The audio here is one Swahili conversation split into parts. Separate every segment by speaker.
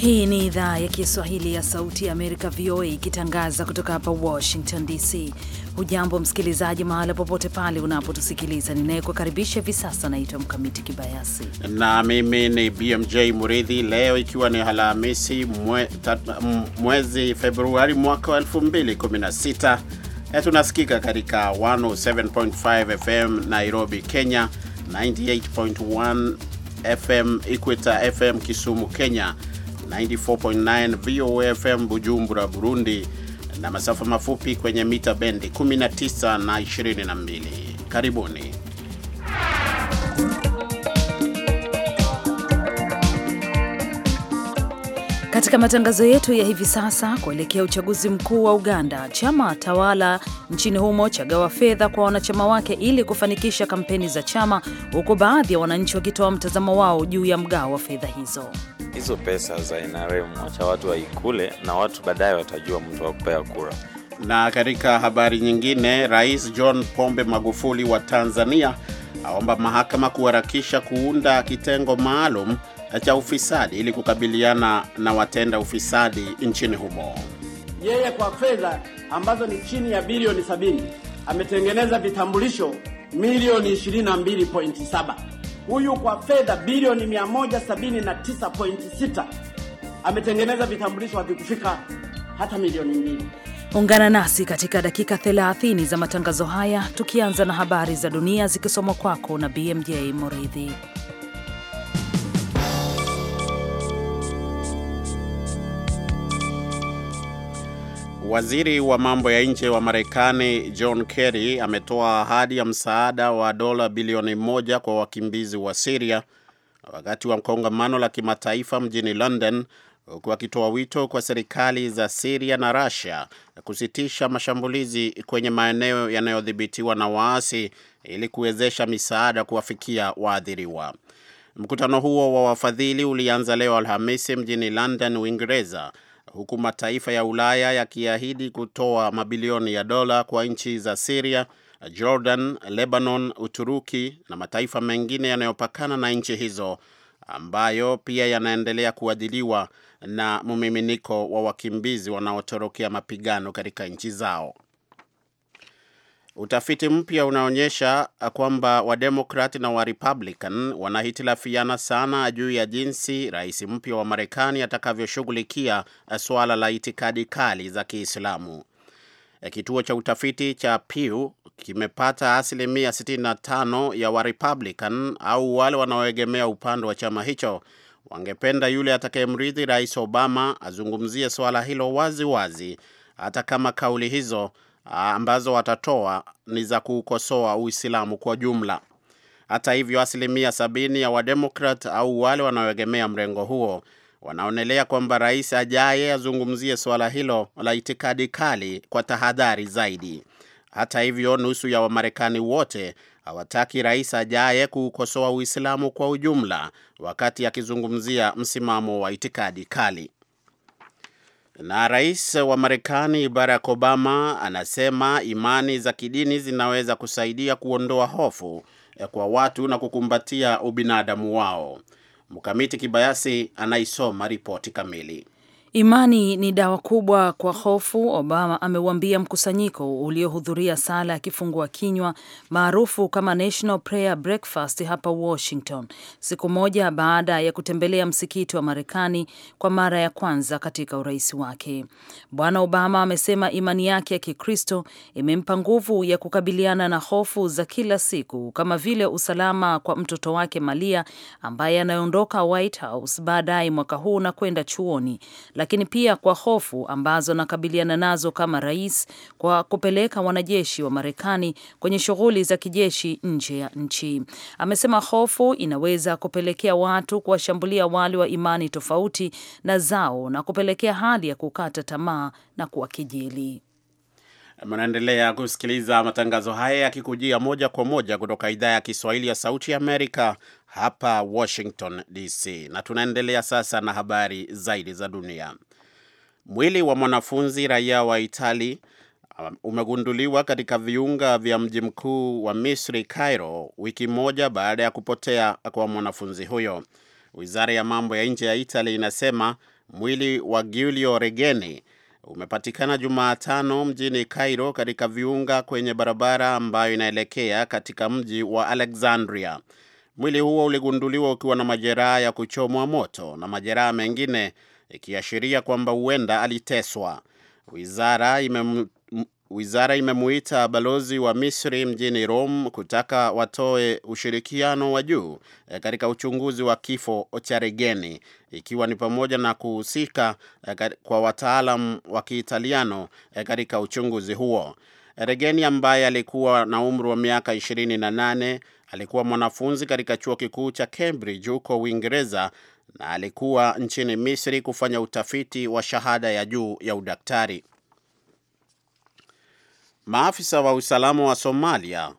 Speaker 1: Hii ni idhaa ya Kiswahili ya Sauti ya Amerika, VOA, ikitangaza kutoka hapa Washington DC. Hujambo msikilizaji, mahala popote pale unapotusikiliza. Ninayekukaribisha hivi sasa naitwa Mkamiti Kibayasi
Speaker 2: na mimi ni BMJ Muridhi. Leo ikiwa ni Alhamisi mwe, mwezi Februari mwaka wa 2016 e, tunasikika katika 107.5 FM Nairobi, Kenya, 98.1 FM Equator FM Kisumu, Kenya 94.9 vofm Bujumbura, Burundi na masafa mafupi kwenye mita bendi 19 na 22. Karibuni.
Speaker 1: Katika matangazo yetu ya hivi sasa, kuelekea uchaguzi mkuu wa Uganda, chama tawala nchini humo chagawa fedha kwa wanachama wake ili kufanikisha kampeni za chama, huku baadhi ya wananchi wakitoa wa mtazamo wao juu ya mgao wa fedha hizo.
Speaker 3: Hizo pesa za NRM wacha watu waikule, na watu baadaye watajua
Speaker 4: mtu wa kupea kura.
Speaker 2: Na katika habari nyingine, Rais John Pombe Magufuli wa Tanzania aomba mahakama kuharakisha kuunda kitengo maalum cha ufisadi ili kukabiliana na watenda ufisadi nchini humo.
Speaker 5: Yeye kwa fedha ambazo ni chini ya bilioni sabini ametengeneza vitambulisho milioni 22.7. Huyu kwa fedha bilioni 179.6 ametengeneza vitambulisho havikufika hata
Speaker 1: milioni mbili. Ungana nasi katika dakika 30 za matangazo haya tukianza na habari za dunia zikisomwa kwako na BMJ Moridhi.
Speaker 2: Waziri wa mambo ya nje wa Marekani John Kerry ametoa ahadi ya msaada wa dola bilioni moja kwa wakimbizi wa Siria wakati wa kongamano la kimataifa mjini London, huku akitoa wito kwa serikali za Siria na Russia kusitisha mashambulizi kwenye maeneo yanayodhibitiwa na waasi ili kuwezesha misaada kuwafikia waathiriwa. Mkutano huo wa wafadhili ulianza leo Alhamisi mjini London, Uingereza huku mataifa ya Ulaya yakiahidi kutoa mabilioni ya dola kwa nchi za Siria, Jordan, Lebanon, Uturuki na mataifa mengine yanayopakana na nchi hizo ambayo pia yanaendelea kuadhiliwa na mmiminiko wa wakimbizi wanaotorokea mapigano katika nchi zao. Utafiti mpya unaonyesha kwamba wademokrati na Warepublican wanahitilafiana sana juu ya jinsi rais mpya wa Marekani atakavyoshughulikia eh, suala la itikadi kali za Kiislamu. Eh, kituo cha utafiti cha Pew kimepata asilimia 65 ya Warepublican au wale wanaoegemea upande wa chama hicho wangependa yule atakayemrithi Rais Obama azungumzie suala hilo wazi wazi, hata kama kauli hizo ambazo watatoa ni za kuukosoa Uislamu kwa jumla. Hata hivyo, asilimia sabini ya Wademokrat au wale wanaoegemea mrengo huo wanaonelea kwamba rais ajaye azungumzie suala hilo la itikadi kali kwa tahadhari zaidi. Hata hivyo, nusu ya Wamarekani wote hawataki rais ajaye kuukosoa Uislamu kwa ujumla wakati akizungumzia msimamo wa itikadi kali. Na rais wa Marekani Barack Obama anasema imani za kidini zinaweza kusaidia kuondoa hofu eh, kwa watu na kukumbatia ubinadamu wao. Mkamiti Kibayasi anaisoma ripoti kamili.
Speaker 1: Imani ni dawa kubwa kwa hofu, Obama ameuambia mkusanyiko uliohudhuria sala ya kifungua kinywa maarufu kama National Prayer Breakfast hapa Washington, siku moja baada ya kutembelea msikiti wa Marekani kwa mara ya kwanza katika urais wake. Bwana Obama amesema imani yake ya Kikristo imempa nguvu ya kukabiliana na hofu za kila siku kama vile usalama kwa mtoto wake Malia ambaye anaondoka White House baadaye mwaka huu na kwenda chuoni lakini pia kwa hofu ambazo anakabiliana nazo kama rais kwa kupeleka wanajeshi wa Marekani kwenye shughuli za kijeshi nje ya nchi. Amesema hofu inaweza kupelekea watu kuwashambulia wale wa imani tofauti na zao na kupelekea hali ya kukata tamaa na kuwakejeli.
Speaker 2: Mnaendelea kusikiliza matangazo haya yakikujia moja kwa moja kutoka idhaa ya Kiswahili ya Sauti ya Amerika hapa Washington DC, na tunaendelea sasa na habari zaidi za dunia. Mwili wa mwanafunzi raia wa Itali um, umegunduliwa katika viunga vya mji mkuu wa Misri, Cairo, wiki moja baada ya kupotea kwa mwanafunzi huyo. Wizara ya mambo ya nje ya Itali inasema mwili wa Giulio Regeni umepatikana Jumatano mjini Cairo katika viunga kwenye barabara ambayo inaelekea katika mji wa Alexandria. Mwili huo uligunduliwa ukiwa na majeraha ya kuchomwa moto na majeraha mengine, ikiashiria kwamba huenda aliteswa. Wizara wizara imemuita balozi wa Misri mjini Rome kutaka watoe ushirikiano wa juu eh, katika uchunguzi wa kifo cha Regeni, ikiwa ni pamoja na kuhusika eh, kwa wataalam wa Kiitaliano eh, katika uchunguzi huo. Regeni ambaye alikuwa na umri wa miaka 28 alikuwa mwanafunzi katika chuo kikuu cha Cambridge huko Uingereza na alikuwa nchini Misri kufanya utafiti wa shahada ya juu ya udaktari. Maafisa wa usalama wa Somalia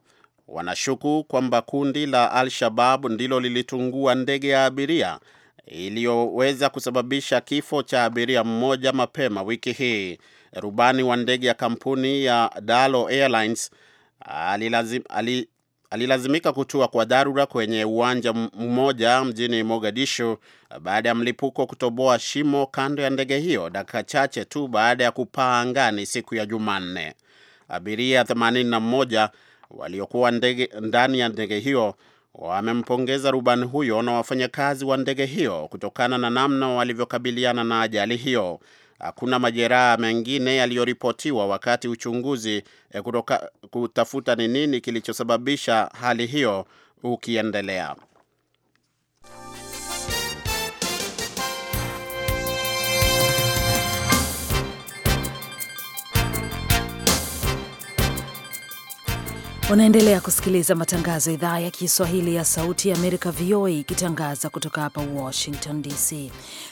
Speaker 2: wanashuku kwamba kundi la Al-Shabab ndilo lilitungua ndege ya abiria iliyoweza kusababisha kifo cha abiria mmoja mapema wiki hii. Rubani wa ndege ya kampuni ya Dalo Airlines alilazim, alil, alilazimika kutua kwa dharura kwenye uwanja mmoja mjini Mogadishu baada ya mlipuko kutoboa shimo kando ya ndege hiyo dakika chache tu baada ya kupaa angani siku ya Jumanne abiria 81 waliokuwa ndege, ndani ya ndege hiyo wamempongeza rubani huyo na wafanyakazi wa ndege hiyo kutokana na namna walivyokabiliana na ajali hiyo. Hakuna majeraha mengine yaliyoripotiwa wakati uchunguzi e, kutoka, kutafuta ni nini kilichosababisha hali hiyo ukiendelea.
Speaker 1: Unaendelea kusikiliza matangazo ya idhaa ya Kiswahili ya Sauti ya Amerika, VOA, ikitangaza kutoka hapa Washington DC.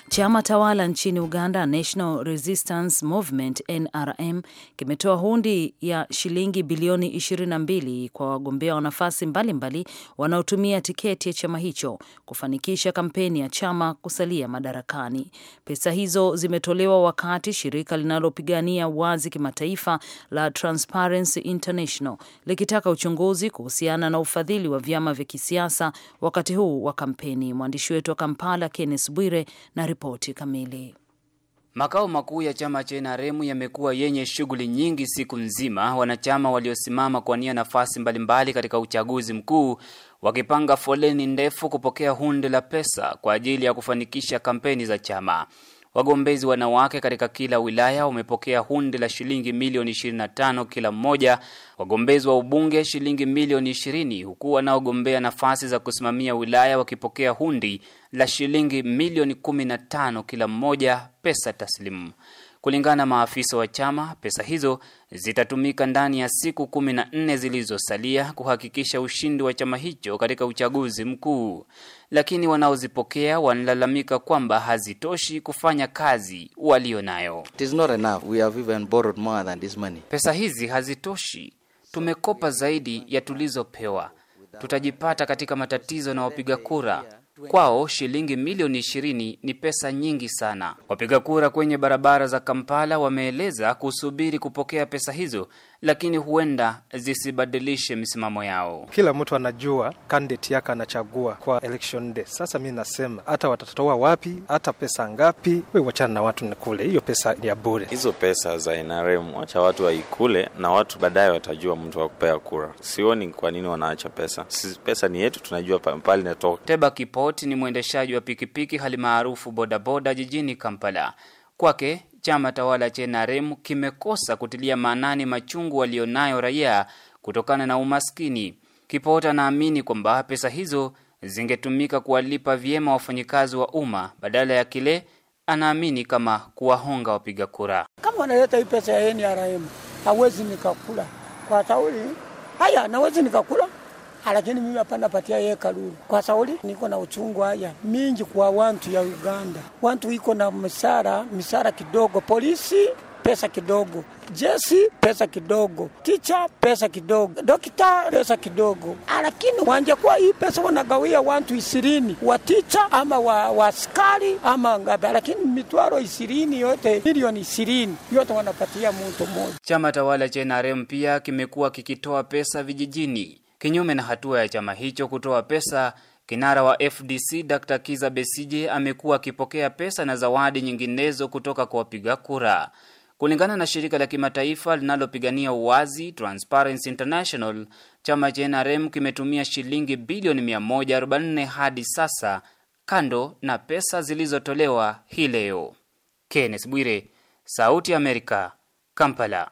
Speaker 1: Chama tawala nchini Uganda, National Resistance Movement, NRM, kimetoa hundi ya shilingi bilioni 22 kwa wagombea wa nafasi mbalimbali wanaotumia tiketi ya chama hicho kufanikisha kampeni ya chama kusalia madarakani. Pesa hizo zimetolewa wakati shirika linalopigania wazi kimataifa la Transparency International likitaka katika uchunguzi kuhusiana na ufadhili wa vyama vya kisiasa wakati huu wa kampeni. Mwandishi wetu wa Kampala, Kenneth Bwire, na ripoti kamili.
Speaker 6: Makao makuu ya chama cha NRM yamekuwa yenye shughuli nyingi siku nzima, wanachama waliosimama kuwania nafasi mbalimbali katika uchaguzi mkuu wakipanga foleni ndefu kupokea hundi la pesa kwa ajili ya kufanikisha kampeni za chama. Wagombezi wanawake katika kila wilaya wamepokea hundi la shilingi milioni 25 kila mmoja, wagombezi wa ubunge shilingi milioni 20, huku wanaogombea nafasi za kusimamia wilaya wakipokea hundi la shilingi milioni 15 kila mmoja, pesa taslimu. Kulingana na maafisa wa chama, pesa hizo zitatumika ndani ya siku kumi na nne zilizosalia kuhakikisha ushindi wa chama hicho katika uchaguzi mkuu, lakini wanaozipokea wanalalamika kwamba hazitoshi kufanya kazi walio nayo. Pesa hizi hazitoshi, tumekopa zaidi ya tulizopewa, tutajipata katika matatizo na wapiga kura Kwao shilingi milioni 20 ni pesa nyingi sana. Wapiga kura kwenye barabara za Kampala wameeleza kusubiri kupokea pesa hizo lakini huenda zisibadilishe misimamo yao.
Speaker 2: Kila mtu anajua kandidate yake anachagua kwa election day. Sasa mi nasema hata watatoa wapi, hata pesa ngapi, we wachana na watu nikule, hiyo pesa ni ya
Speaker 3: bure. Hizo pesa za NRM wacha watu waikule, na watu baadaye watajua mtu wa kupea kura. Sioni kwa nini wanaacha pesa. si pesa ni yetu, tunajua pale inatoka. Teba Kipoti ni mwendeshaji wa pikipiki
Speaker 6: hali maarufu bodaboda jijini Kampala. Kwake chama tawala cha NRM kimekosa kutilia maanani machungu walionayo raia kutokana na umaskini. Kipota anaamini kwamba pesa hizo zingetumika kuwalipa vyema wafanyikazi wa umma badala ya kile anaamini kama kuwahonga wapiga kura.
Speaker 5: Kama wanaleta hii pesa ya NRM, hawezi nikakula kwa tauli haya, nawezi nikakula Ah, lakini mimi hapana patia yeye kalulu kwa sauli niko na uchungu haya mingi kwa wantu ya Uganda. Wantu iko na misara misara kidogo, polisi pesa kidogo, jesi pesa kidogo, ticha pesa kidogo, dokita pesa kidogo. Ah, lakini wangekuwa hii pesa wanagawia wantu isirini wa ticha ama wa, wa askari ama ngapi, ah, lakini mitwaro isirini yote milioni isirini yote wanapatia mtu mmoja.
Speaker 6: Chama tawala cha NRM pia kimekuwa kikitoa pesa vijijini kinyume na hatua ya chama hicho kutoa pesa. Kinara wa FDC Dr. Kiza Besije amekuwa akipokea pesa na zawadi nyinginezo kutoka kwa wapiga kura. Kulingana na shirika la kimataifa linalopigania uwazi Transparency International, chama cha NRM kimetumia shilingi bilioni 144 hadi sasa, kando na pesa zilizotolewa hii leo. Kenneth Bwire, Sauti ya Amerika, Kampala.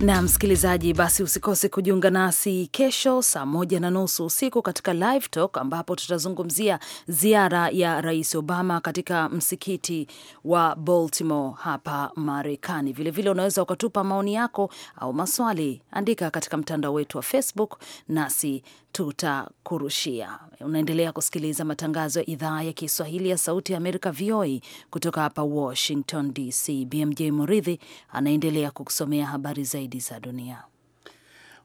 Speaker 1: na msikilizaji, basi usikose kujiunga nasi kesho saa moja na nusu usiku katika Live Talk ambapo tutazungumzia ziara ya Rais Obama katika msikiti wa Baltimore hapa Marekani. Vilevile unaweza ukatupa maoni yako au maswali, andika katika mtandao wetu wa Facebook nasi tutakurushia. Unaendelea kusikiliza matangazo ya idhaa ya Kiswahili ya Sauti ya Amerika, VOA, kutoka hapa Washington DC. BMJ Muridhi anaendelea kukusomea habari zaidi zaidi za dunia.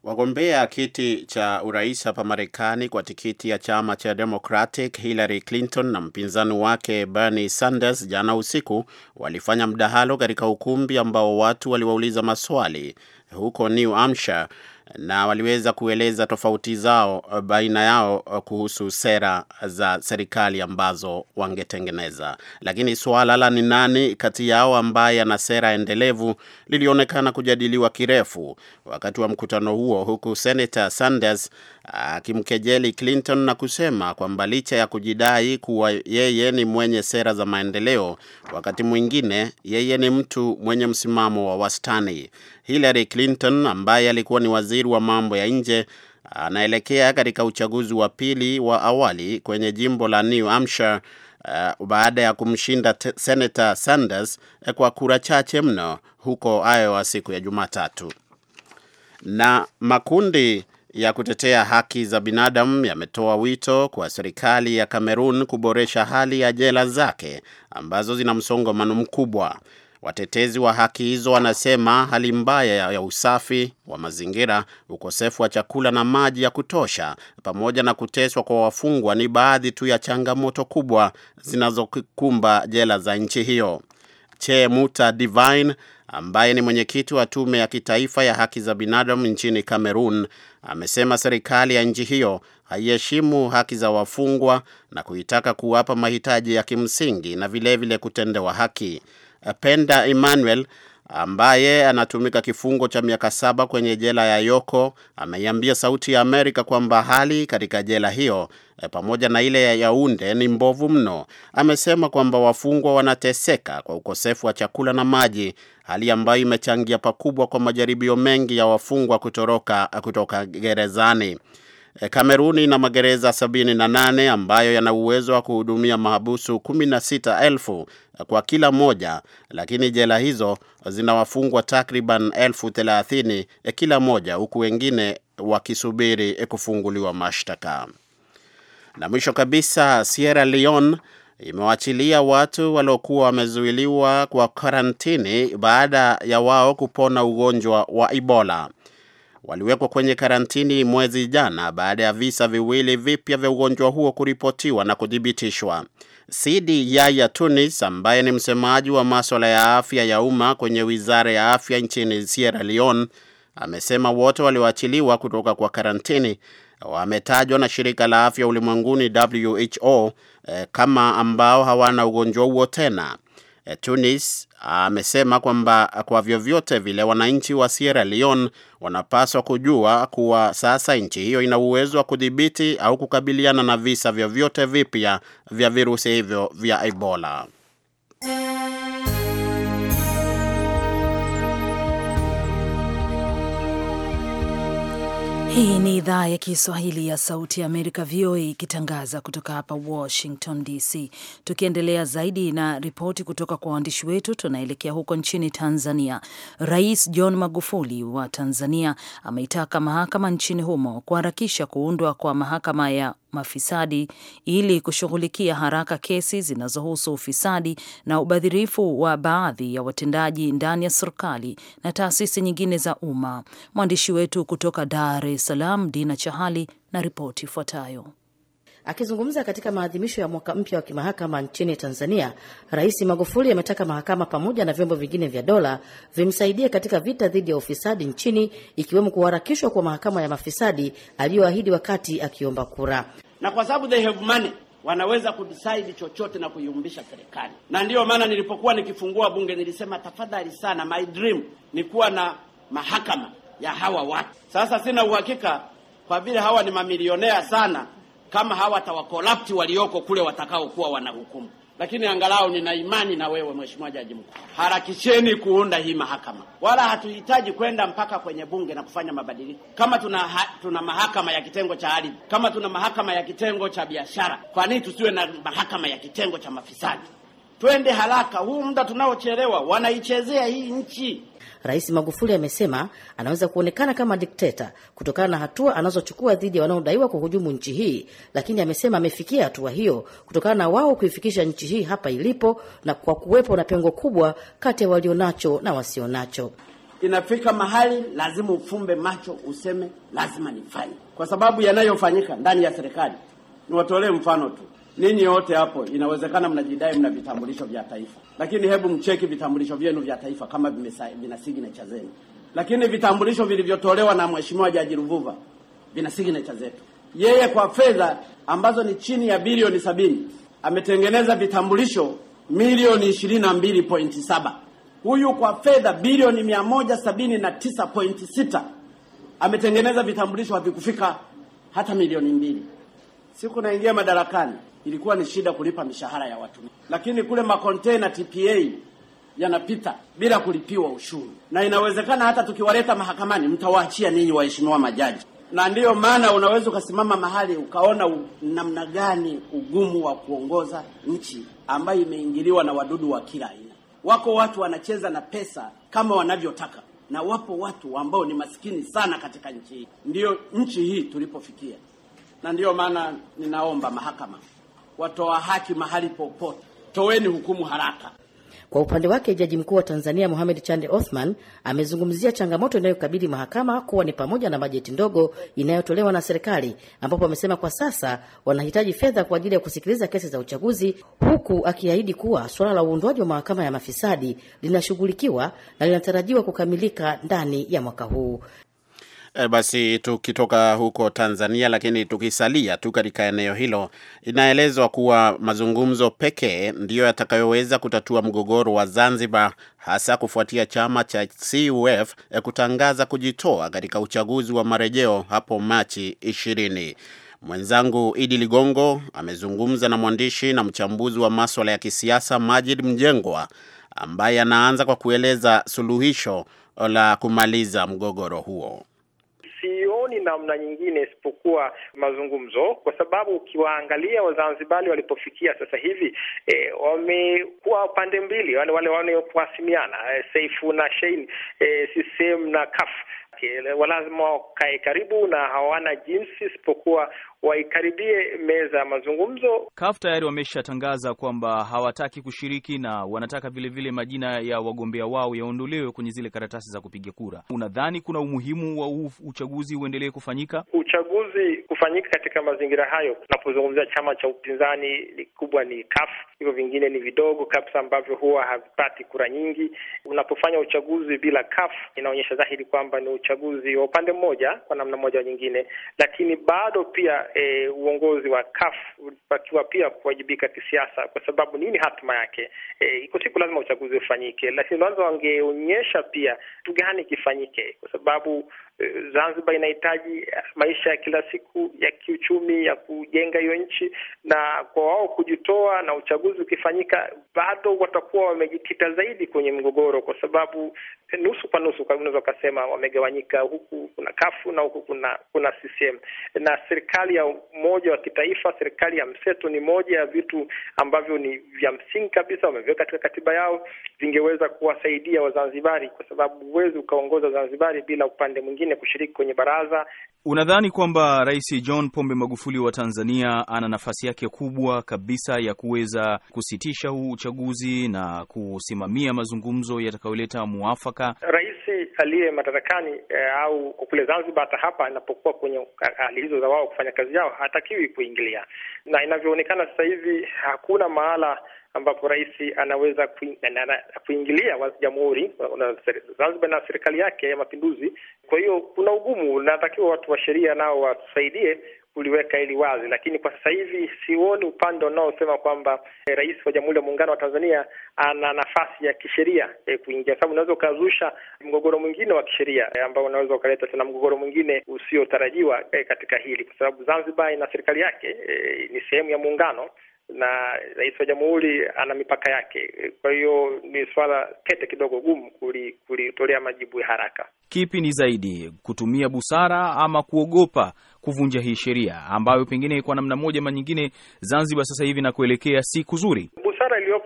Speaker 2: Wagombea kiti cha urais hapa Marekani kwa tikiti ya chama cha Democratic Hillary Clinton na mpinzani wake Bernie Sanders jana usiku walifanya mdahalo katika ukumbi ambao watu waliwauliza maswali huko New Hampshire na waliweza kueleza tofauti zao eh, baina yao eh, kuhusu sera za serikali ambazo wangetengeneza. Lakini suala la ni nani kati yao ambaye ana sera endelevu lilionekana kujadiliwa kirefu wakati wa mkutano huo, huku Senator Sanders eh, akimkejeli Clinton na kusema kwamba licha ya kujidai kuwa yeye ni mwenye sera za maendeleo, wakati mwingine yeye ni mtu mwenye msimamo wa wastani. Hillary Clinton ambaye alikuwa ni waziri wa mambo ya nje anaelekea katika uchaguzi wa pili wa awali kwenye jimbo la New Hampshire uh, baada ya kumshinda Senator Sanders uh, kwa kura chache mno huko Iowa siku ya Jumatatu. Na makundi ya kutetea haki za binadamu yametoa wito kwa serikali ya Kamerun kuboresha hali ya jela zake ambazo zina msongamano mkubwa. Watetezi wa haki hizo wanasema hali mbaya ya usafi wa mazingira, ukosefu wa chakula na maji ya kutosha, pamoja na kuteswa kwa wafungwa ni baadhi tu ya changamoto kubwa zinazokumba jela za nchi hiyo. muta Divine ambaye ni mwenyekiti wa tume ya kitaifa ya haki za binadamu nchini Cameroon amesema serikali ya nchi hiyo haiheshimu haki za wafungwa na kuitaka kuwapa mahitaji ya kimsingi na vilevile kutendewa haki. Eh, Penda Emmanuel ambaye anatumika kifungo cha miaka saba kwenye jela ya Yoko ameiambia Sauti ya Amerika kwamba hali katika jela hiyo eh, pamoja na ile ya Yaunde ni mbovu mno. Amesema kwamba wafungwa wanateseka kwa ukosefu wa chakula na maji, hali ambayo imechangia pakubwa kwa majaribio mengi ya wafungwa kutoroka eh, kutoka gerezani. Eh, Kameruni na magereza 78 ambayo yana uwezo wa kuhudumia mahabusu 16,000 eh, kwa kila moja, lakini jela hizo zinawafungwa takriban 30,000 eh, kila moja, huku wengine wakisubiri kufunguliwa mashtaka. Na mwisho kabisa, Sierra Leone imewachilia watu waliokuwa wamezuiliwa kwa karantini baada ya wao kupona ugonjwa wa Ebola waliwekwa kwenye karantini mwezi jana baada ya visa viwili vipya vya ugonjwa huo kuripotiwa na kuthibitishwa. Sidi Yaya Tunis, ambaye ni msemaji wa maswala ya afya ya umma kwenye wizara ya afya nchini Sierra Leone, amesema wote walioachiliwa kutoka kwa karantini wametajwa na shirika la afya ulimwenguni WHO eh, kama ambao hawana ugonjwa huo tena. Eh, Tunis amesema kwamba kwa vyovyote vile wananchi wa Sierra Leone wanapaswa kujua kuwa sasa nchi hiyo ina uwezo wa kudhibiti au kukabiliana na visa vyovyote vipya vya virusi hivyo vya Ebola.
Speaker 1: Hii ni idhaa ya Kiswahili ya Sauti ya Amerika, VOA, ikitangaza kutoka hapa Washington DC. Tukiendelea zaidi na ripoti kutoka kwa waandishi wetu, tunaelekea huko nchini Tanzania. Rais John Magufuli wa Tanzania ameitaka mahakama nchini humo kuharakisha kuundwa kwa mahakama ya mafisadi ili kushughulikia haraka kesi zinazohusu ufisadi na ubadhirifu wa baadhi ya watendaji ndani ya serikali na taasisi nyingine za umma. Mwandishi wetu kutoka Dar es Salaam, Dina Chahali, na ripoti ifuatayo.
Speaker 7: Akizungumza katika maadhimisho ya mwaka mpya wa kimahakama nchini Tanzania, Rais Magufuli ametaka mahakama pamoja na vyombo vingine vya dola vimsaidie katika vita dhidi ya ufisadi nchini, ikiwemo kuharakishwa kwa mahakama ya mafisadi aliyoahidi wakati akiomba kura
Speaker 5: na kwa sababu they have money wanaweza kudecide chochote na kuiumbisha serikali. Na ndiyo maana nilipokuwa nikifungua bunge nilisema, tafadhali sana, my dream ni kuwa na mahakama ya hawa watu. Sasa sina uhakika kwa vile hawa ni mamilionea sana, kama hawa tawakolapti walioko kule watakaokuwa wanahukumu lakini angalau nina imani na wewe Mheshimiwa Jaji Mkuu, harakisheni kuunda hii mahakama. Wala hatuhitaji kwenda mpaka kwenye bunge na kufanya mabadiliko. Kama tuna ha, tuna mahakama ya kitengo cha ardhi, kama tuna mahakama ya kitengo cha biashara, kwa nini tusiwe na mahakama ya kitengo cha mafisadi?
Speaker 7: Twende haraka, huu muda tunaochelewa, wanaichezea hii nchi. Rais Magufuli amesema anaweza kuonekana kama dikteta kutokana na hatua anazochukua dhidi ya wanaodaiwa kuhujumu nchi hii, lakini amesema amefikia hatua hiyo kutokana na wao kuifikisha nchi hii hapa ilipo, na kwa kuwepo na pengo kubwa kati ya walionacho na wasionacho.
Speaker 5: Inafika mahali lazima ufumbe macho, useme lazima nifanye,
Speaker 7: kwa sababu yanayofanyika
Speaker 5: ndani ya serikali. Niwatolee mfano tu Ninyi yote hapo inawezekana mnajidai mna vitambulisho vya taifa, lakini hebu mcheki vitambulisho vyenu vya taifa kama vina signature zenu. Lakini vitambulisho vilivyotolewa na mheshimiwa Jaji Ruvuva vina signature zetu. Yeye kwa fedha ambazo ni chini ya bilioni sabini ametengeneza vitambulisho milioni saba. Huyu kwa fedha bilioni sita ametengeneza vitambulisho havikufika hata milioni mbili. Siku naingia madarakani ilikuwa ni shida kulipa mishahara ya watumishi, lakini kule makontena TPA yanapita bila kulipiwa ushuru, na inawezekana hata tukiwaleta mahakamani mtawaachia ninyi, waheshimiwa majaji. Na ndiyo maana unaweza ukasimama mahali ukaona namna gani ugumu wa kuongoza nchi ambayo imeingiliwa na wadudu wa kila aina. Wako watu wanacheza na pesa kama wanavyotaka, na wapo watu ambao ni masikini sana katika nchi hii. Ndiyo nchi hii tulipofikia, na ndiyo maana ninaomba mahakama watoa haki mahali popote, toweni hukumu haraka.
Speaker 7: Kwa upande wake jaji mkuu wa Tanzania Mohamed Chande Othman amezungumzia changamoto inayokabili mahakama kuwa ni pamoja na bajeti ndogo inayotolewa na serikali, ambapo amesema kwa sasa wanahitaji fedha kwa ajili ya kusikiliza kesi za uchaguzi, huku akiahidi kuwa suala la uundwaji wa mahakama ya mafisadi linashughulikiwa na linatarajiwa kukamilika ndani ya mwaka huu.
Speaker 2: E, basi tukitoka huko Tanzania lakini tukisalia tu katika eneo hilo, inaelezwa kuwa mazungumzo pekee ndiyo yatakayoweza kutatua mgogoro wa Zanzibar, hasa kufuatia chama cha CUF e, eh, kutangaza kujitoa katika uchaguzi wa marejeo hapo Machi ishirini. Mwenzangu Idi Ligongo amezungumza na mwandishi na mchambuzi wa maswala ya kisiasa Majid Mjengwa ambaye anaanza kwa kueleza suluhisho eh, la kumaliza mgogoro huo
Speaker 4: sioni namna nyingine isipokuwa mazungumzo, kwa sababu ukiwaangalia Wazanzibari walipofikia sasa hivi e, wamekuwa pande mbili, wale wale wanaokuhasimiana e, eh, Seifu na Shein e, eh, CCM na Kafu walazima wakae karibu na hawana jinsi isipokuwa waikaribie meza ya mazungumzo.
Speaker 3: CUF tayari wameshatangaza kwamba hawataki kushiriki na wanataka vilevile vile majina ya wagombea wao yaondolewe kwenye zile karatasi za kupiga kura. Unadhani kuna umuhimu wa uchaguzi uendelee kufanyika?
Speaker 4: Uchaguzi kufanyika katika mazingira hayo, tunapozungumzia chama cha upinzani kikubwa ni CUF, hivyo vingine ni vidogo kabisa ambavyo huwa havipati kura nyingi. Unapofanya uchaguzi bila CUF, inaonyesha dhahiri kwamba ni uchaguzi wa upande mmoja kwa namna moja au nyingine, lakini bado pia e, uongozi wa CAF ulipatiwa pia kuwajibika kisiasa, kwa sababu nini hatima yake? E, iko siku lazima uchaguzi ufanyike, lakini lazima wangeonyesha pia tugani gani kifanyike, kwa sababu Zanzibar inahitaji maisha ya kila siku ya kiuchumi ya kujenga hiyo nchi, na kwa wao kujitoa na uchaguzi ukifanyika, bado watakuwa wamejikita zaidi kwenye mgogoro, kwa sababu nusu kwa nusu unaweza ukasema wamegawanyika, huku kuna kafu na huku kuna kuna CCM na serikali ya umoja wa kitaifa. Serikali ya mseto ni moja ya vitu ambavyo ni vya msingi kabisa, wameviweka katika katiba yao, vingeweza kuwasaidia Wazanzibari, kwa sababu huwezi ukaongoza Zanzibari bila upande mwingine wengine kushiriki kwenye baraza.
Speaker 3: Unadhani kwamba Rais John Pombe Magufuli wa Tanzania ana nafasi yake kubwa kabisa ya kuweza kusitisha huu uchaguzi na kusimamia mazungumzo yatakayoleta muafaka?
Speaker 4: Rais aliye madarakani e, au kwa kule Zanzibar hata hapa anapokuwa kwenye hali hizo za wao kufanya kazi yao, hatakiwi kuingilia, na inavyoonekana sasa hivi hakuna mahala ambapo rais anaweza kuingilia jamhuri Zanzibar na serikali yake ya mapinduzi. Kwa hiyo kuna ugumu, unatakiwa watu wa sheria nao watusaidie kuliweka hili wazi, lakini kwa sasa hivi sioni upande unaosema kwamba eh, rais wa Jamhuri ya Muungano wa Tanzania ana nafasi ya kisheria eh, kuingia, sababu unaweza ukazusha mgogoro mwingine wa kisheria eh, ambao unaweza ukaleta tena mgogoro mwingine usiotarajiwa eh, katika hili, kwa sababu Zanzibar ina serikali yake eh, ni sehemu ya muungano na rais wa jamhuri ana mipaka yake. Kwa hiyo ni swala tete kidogo, gumu kulitolea majibu ya haraka.
Speaker 3: Kipi ni zaidi, kutumia busara ama kuogopa kuvunja hii sheria ambayo pengine kwa namna moja ama nyingine Zanzibar sasa hivi na kuelekea si kuzuri?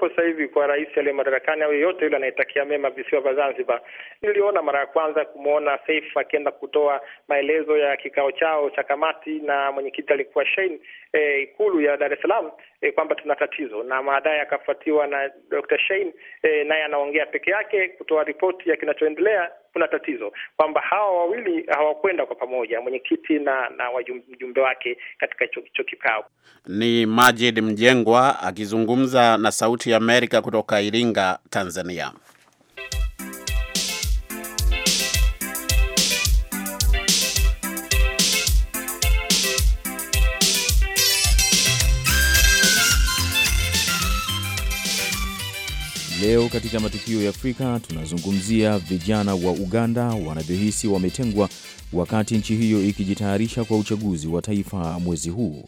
Speaker 4: uliopo sasa hivi kwa rais aliye madarakani au yeyote yule anayetakia mema visiwa vya Zanzibar. Niliona mara ya kwanza kumwona Saif akienda kutoa maelezo ya kikao chao cha kamati na mwenyekiti alikuwa Shein eh, ikulu ya Dar es Salaam eh, kwamba tuna tatizo, na baadaye akafuatiwa na Dr. Shein eh, naye anaongea peke yake kutoa ripoti ya kinachoendelea kuna tatizo kwamba hawa wawili hawakwenda kwa pamoja, mwenyekiti na na wajumbe wake katika hicho kikao.
Speaker 2: Ni Majid Mjengwa akizungumza na Sauti ya Amerika kutoka Iringa, Tanzania.
Speaker 3: Leo katika matukio ya Afrika tunazungumzia vijana wa Uganda wanavyohisi wametengwa wakati nchi hiyo ikijitayarisha kwa uchaguzi wa taifa mwezi huu.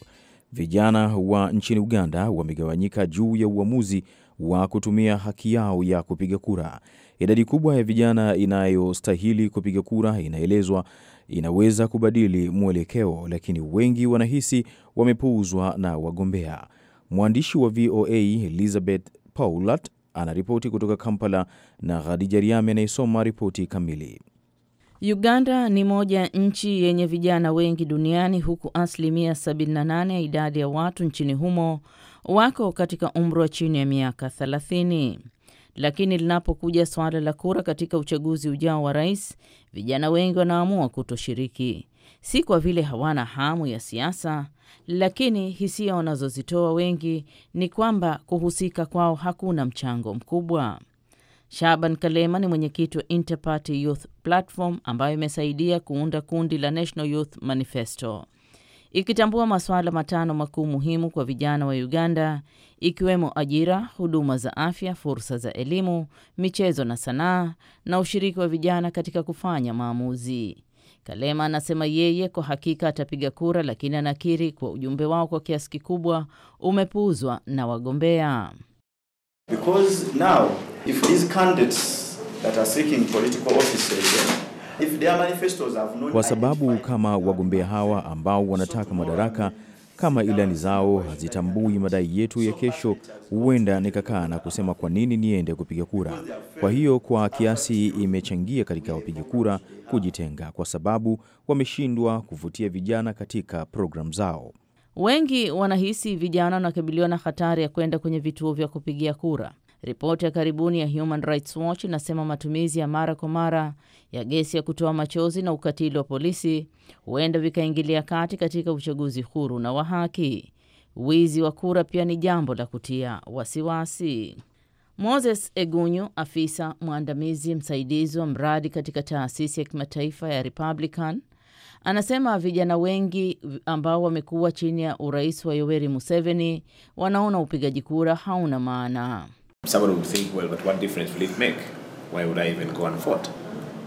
Speaker 3: Vijana wa nchini Uganda wamegawanyika juu ya uamuzi wa kutumia haki yao ya kupiga kura. Idadi kubwa ya vijana inayostahili kupiga kura inaelezwa inaweza kubadili mwelekeo, lakini wengi wanahisi wamepuuzwa na wagombea. Mwandishi wa VOA Elizabeth Paulat anaripoti kutoka Kampala na Khadija Riame anayesoma ripoti kamili.
Speaker 8: Uganda ni moja ya nchi yenye vijana wengi duniani huku asilimia 78 ya idadi ya watu nchini humo wako katika umri wa chini ya miaka 30. Lakini linapokuja suala la kura katika uchaguzi ujao wa rais, vijana wengi wanaamua kutoshiriki si kwa vile hawana hamu ya siasa, lakini hisia wanazozitoa wengi ni kwamba kuhusika kwao hakuna mchango mkubwa. Shaban Kalema ni mwenyekiti wa Interparty Youth Platform ambayo imesaidia kuunda kundi la National Youth Manifesto ikitambua masuala matano makuu muhimu kwa vijana wa Uganda ikiwemo ajira, huduma za afya, fursa za elimu, michezo na sanaa na ushiriki wa vijana katika kufanya maamuzi. Kalema anasema yeye kwa hakika atapiga kura, lakini anakiri kwa ujumbe wao kwa kiasi kikubwa umepuuzwa na wagombea.
Speaker 2: Because now if these candidates that are seeking political
Speaker 3: kwa sababu kama wagombea hawa ambao wanataka madaraka kama ilani zao hazitambui madai yetu ya kesho, huenda nikakaa na kusema kwa nini niende kupiga kura. Kwa hiyo kwa kiasi imechangia katika wapiga kura kujitenga, kwa sababu wameshindwa kuvutia vijana katika programu zao.
Speaker 8: Wengi wanahisi vijana wanakabiliwa na hatari ya kwenda kwenye vituo vya kupigia kura Ripoti ya karibuni ya Human Rights Watch inasema matumizi ya mara kwa mara ya gesi ya kutoa machozi na ukatili wa polisi huenda vikaingilia kati katika uchaguzi huru na wa haki. Wizi wa kura pia ni jambo la kutia wasiwasi. Moses Egunyu, afisa mwandamizi msaidizi wa mradi katika taasisi ya kimataifa ya Republican, anasema vijana wengi ambao wamekuwa chini ya urais wa Yoweri Museveni wanaona upigaji kura hauna maana.
Speaker 3: Someone would think, well, but what difference will it make? Why would I even go and vote?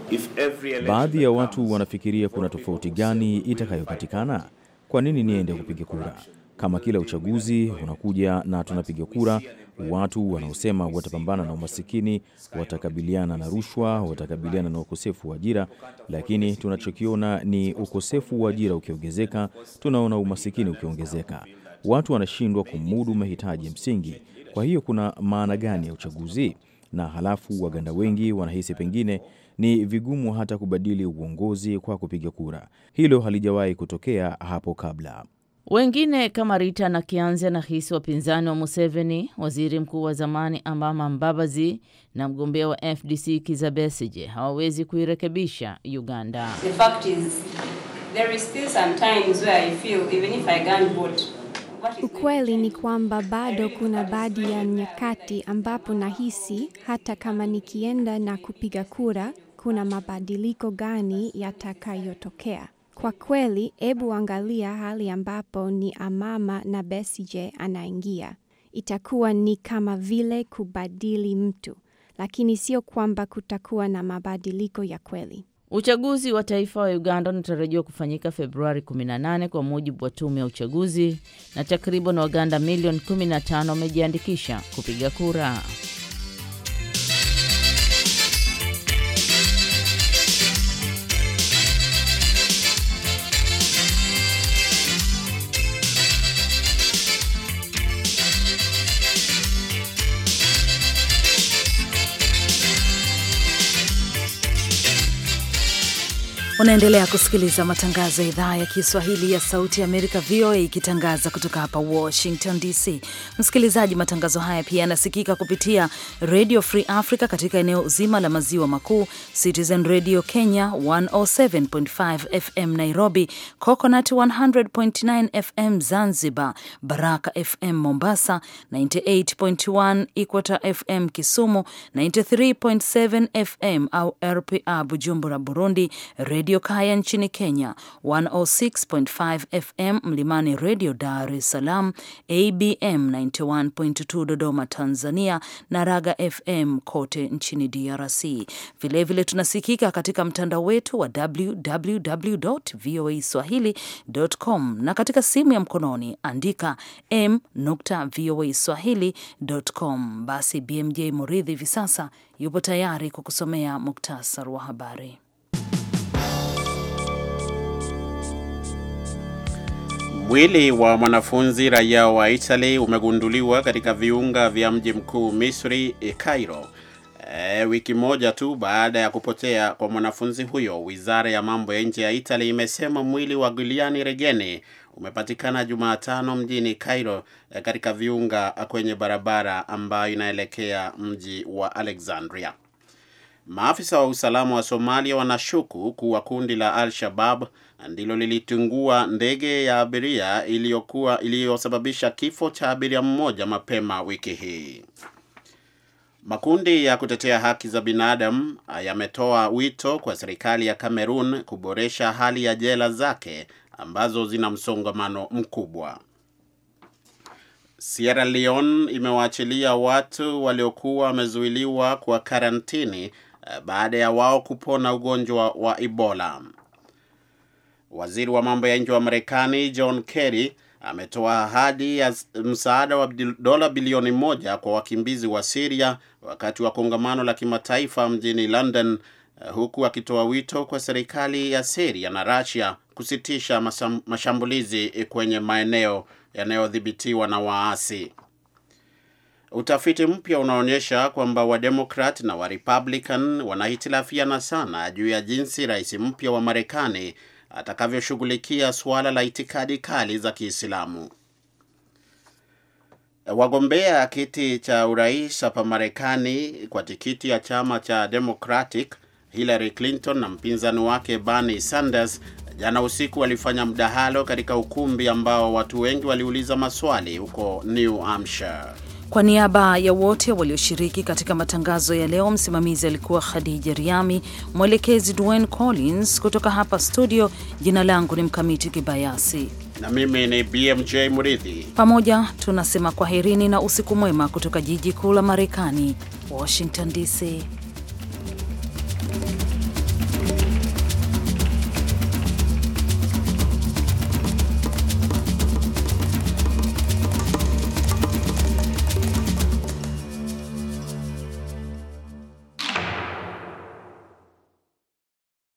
Speaker 3: If every baadhi ya watu wanafikiria kuna tofauti gani itakayopatikana? Kwa nini niende kupiga kura? Kama kila uchaguzi unakuja na tunapiga kura, watu wanaosema watapambana na umasikini, watakabiliana na rushwa, watakabiliana na ukosefu wa ajira, lakini tunachokiona ni ukosefu wa ajira ukiongezeka, tunaona umasikini ukiongezeka. Watu wanashindwa kumudu mahitaji ya msingi. Kwa hiyo kuna maana gani ya uchaguzi? Na halafu Waganda wengi wanahisi pengine ni vigumu hata kubadili uongozi kwa kupiga kura. Hilo halijawahi kutokea hapo kabla.
Speaker 8: Wengine kama Rita na Kianzi anahisi wapinzani wa Museveni, waziri mkuu wa zamani Amama Mbabazi na mgombea wa FDC Kizza Besigye hawawezi kuirekebisha Uganda. The fact is, there is still where I feel, even if I can't vote,
Speaker 5: Ukweli ni kwamba bado eeh, kuna baadhi ya nyakati ambapo nahisi hata kama nikienda na kupiga kura, kuna mabadiliko gani yatakayotokea. Kwa kweli, ebu angalia hali ambapo ni Amama na Besigye anaingia. Itakuwa ni kama vile kubadili mtu, lakini sio kwamba kutakuwa na mabadiliko ya kweli.
Speaker 8: Uchaguzi wa taifa wa Uganda unatarajiwa kufanyika Februari 18 kwa mujibu wa tume ya uchaguzi, na takriban Waganda milioni 15 wamejiandikisha kupiga kura.
Speaker 1: Unaendelea kusikiliza matangazo ya idhaa ya Kiswahili ya Sauti ya Amerika, VOA, ikitangaza kutoka hapa Washington DC. Msikilizaji, matangazo haya pia yanasikika kupitia Radio Free Africa katika eneo zima la maziwa makuu, Citizen Radio Kenya 107.5 FM Nairobi, Coconut 100.9 FM Zanzibar, Baraka FM Mombasa 98.1, Equator FM Kisumu 93.7 FM au RPA Bujumbura, Burundi, Radio Redio Kaya nchini Kenya 106.5 FM, Mlimani Redio Dar es Salaam, ABM 91.2 Dodoma Tanzania, na Raga FM kote nchini DRC. Vilevile vile tunasikika katika mtandao wetu wa www voa swahili.com, na katika simu ya mkononi andika m voa swahili.com. Basi BMJ Muridhi hivi sasa yupo tayari kukusomea muktasar wa habari.
Speaker 2: Mwili wa mwanafunzi raia wa Italy umegunduliwa katika viunga vya mji mkuu Misri, eh, Cairo, e, wiki moja tu baada ya kupotea kwa mwanafunzi huyo. Wizara ya mambo ya nje ya Italy imesema mwili wa Giuliani Regeni umepatikana Jumatano mjini Cairo eh, katika viunga kwenye barabara ambayo inaelekea mji wa Alexandria. Maafisa wa usalama wa Somalia wanashuku kuwa kundi la Al-Shabab ndilo lilitungua ndege ya abiria iliyokuwa iliyosababisha kifo cha abiria mmoja mapema wiki hii. Makundi ya kutetea haki za binadamu ah, yametoa wito kwa serikali ya Kamerun kuboresha hali ya jela zake ambazo zina msongamano mkubwa. Sierra Leone imewaachilia watu waliokuwa wamezuiliwa kwa karantini ah, baada ya wao kupona ugonjwa wa Ebola. Waziri wa mambo ya nje wa Marekani John Kerry ametoa ahadi ya msaada wa dola bilioni moja kwa wakimbizi wa siria wakati wa kongamano la kimataifa mjini London, eh, huku akitoa wito kwa serikali ya siria na Russia kusitisha mashambulizi eh, kwenye maeneo yanayodhibitiwa na waasi. Utafiti mpya unaonyesha kwamba Wademokrat na Warepublican wanahitilafiana sana juu ya jinsi rais mpya wa Marekani atakavyoshughulikia suala la itikadi kali za Kiislamu. Wagombea kiti cha urais hapa Marekani kwa tikiti ya chama cha Democratic, Hillary Clinton na mpinzani wake Bernie Sanders jana usiku walifanya mdahalo katika ukumbi ambao watu wengi waliuliza maswali huko New Hampshire.
Speaker 1: Kwa niaba ya wote walioshiriki katika matangazo ya leo, msimamizi alikuwa Khadija Riami, mwelekezi Dwayne Collins. Kutoka hapa studio, jina langu ni Mkamiti Kibayasi
Speaker 2: na mimi ni BMJ mridhi
Speaker 1: Pamoja tunasema kwaherini na usiku mwema kutoka jiji kuu la Marekani, Washington DC.